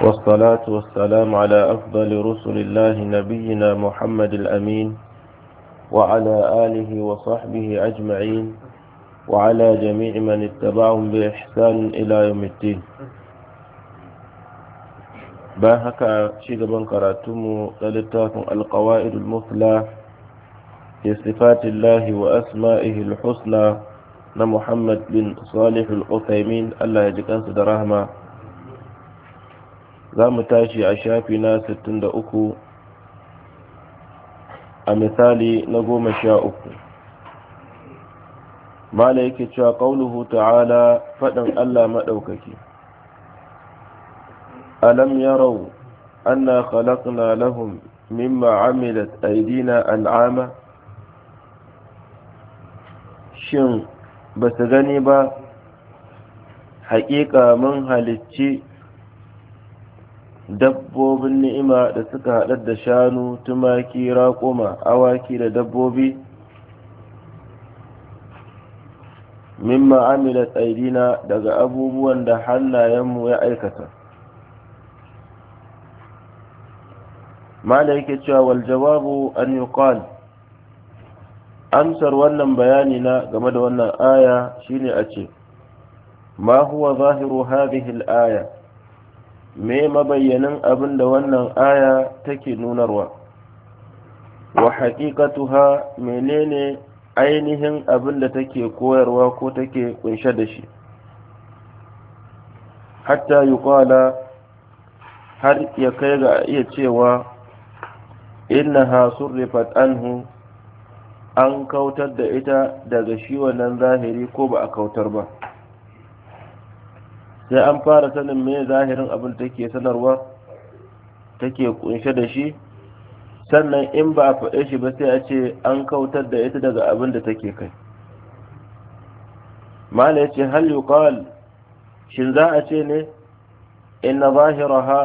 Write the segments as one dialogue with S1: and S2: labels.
S1: والصلاة والسلام على أفضل رسل الله نبينا محمد الأمين وعلى آله وصحبه أجمعين وعلى جميع من اتبعهم بإحسان إلى يوم الدين باهك شيد بن قراتم للتاف القواعد المثلى في صفات الله وأسمائه الحسنى لمحمد بن صالح العثيمين الله يجزاه درهما za mu tashi a shafi na 63 a misali na 13 mala yake cewa qauluhu ta'ala faɗin Allah maɗaukaki alam yarau anna khalaqna lahum mimma amilat aydina al'ama shin ba su gani ba haƙiƙa mun halicci dabbobin ni'ima da suka haɗa da shanu tumaki raƙuma awaki da dabbobi mimma amila tsaidina daga abubuwan da hannayenmu ya aikata mala yake cewa wal jawabu an yuqal amsar wannan bayani na game da wannan aya shine a ce ma huwa zahiru hadhihi al-aya me mabayyanin abin da wannan aya take nunarwa wa haƙiƙatuha menene ainihin abin da take koyarwa ko take kunshe da shi hatta yi har ya kai ga iya cewa ha surrifat anhu an kautar da ita daga shi wannan zahiri ko ba a kautar ba sai an fara sanin me zahirin abin take sanarwa take kunshe da shi sannan in ba a faɗe shi ba sai a ce an kautar da ita daga abin da take kai mala ya ce hal yuqal shin za a ce ne inna zahiraha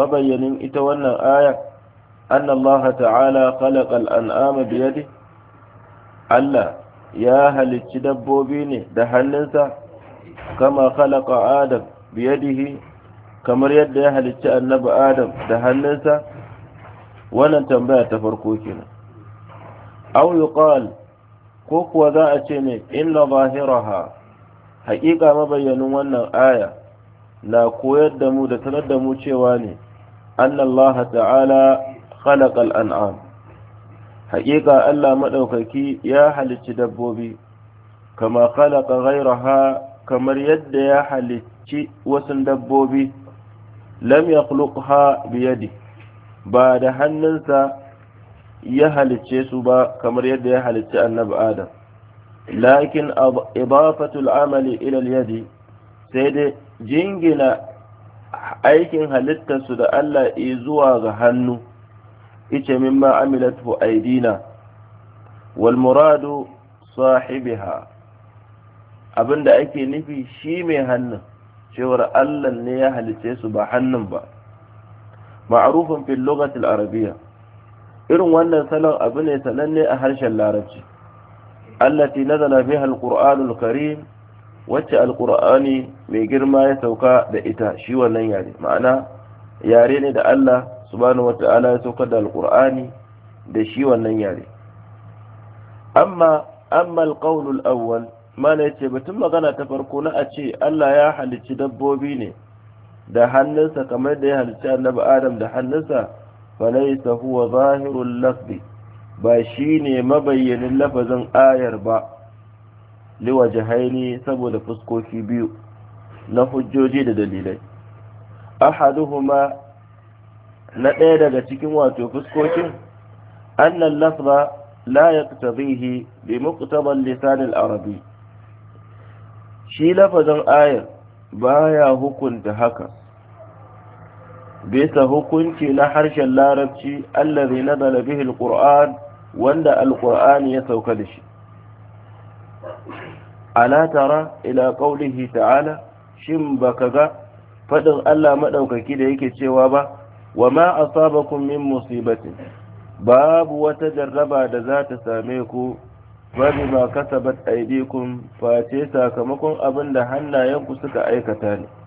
S1: mabayyanin ita wannan aya ta'ala الله an'ama خلق allah ya halicci dabbobi ne da hannunsa kama khalaqa adam biyadihi kamar yadda ya halicci annabi adam da hannunsa wannan tambaya ta farko kenan aw yuqal ko kuwa za a ce ne inna zahiraha haƙiƙa mabayyanin wannan aya na koyar da mu da sanar da mu cewa ne Allah ta'ala khalaqal an'am haƙiƙa Allah madaukaki ya halicci dabbobi kama khalaqa ghayraha kamar yadda ya halicci wasu dabbobi lam ya biyadi ba da hannunsa ya halicce su ba kamar yadda ya halicci annabi adam lakin idafatul amali ila yadi sai dai jingina aikin halittarsu da Allah zuwa ga hannu ice mimma amilatu aidina wal muradu sahibiha abin da ake nufi shi mai hannun cewar allah ne ya halice su ba hannun ba ma'arufin fil arabiya irin wannan salon abu ne sananne a harshen larabci allati nazala fiha alqur'anul karim wacce alqur'ani mai girma ya sauka da ita shi wannan yare ma'ana yare ne da Allah subhanahu wata'ala ya sauka da alqur'ani da shi wannan yare amma amma alqawlul awwal mana yace batun magana ta farko na a ce Allah ya halicci dabbobi ne da hannunsa kamar da ya halicci annabi Adam da hannunsa falaysa huwa zahirul lafzi ba shi ne mabayyanin lafazin ayar ba liwajahaini saboda fuskoki biyu na hujjoji da dalilai ahaduhuma na ɗaya daga cikin wato fuskokin annan lafza la yaqtadihi bi muqtada lisan al-arabi shi lafazin ayar baya hukunta haka bisa hukunci na harshen larabci allazi nazala bihi alquran wanda alqur'ani ya sauka da shi ala tara ila qaulihi ta'ala shin baka ga fadin Allah madaukaki da yake cewa ba wama asabakum min musibatin babu wata jarraba da za ta same ku ma kasabat aydikum face sakamakon abin da hannayenku suka aikata ne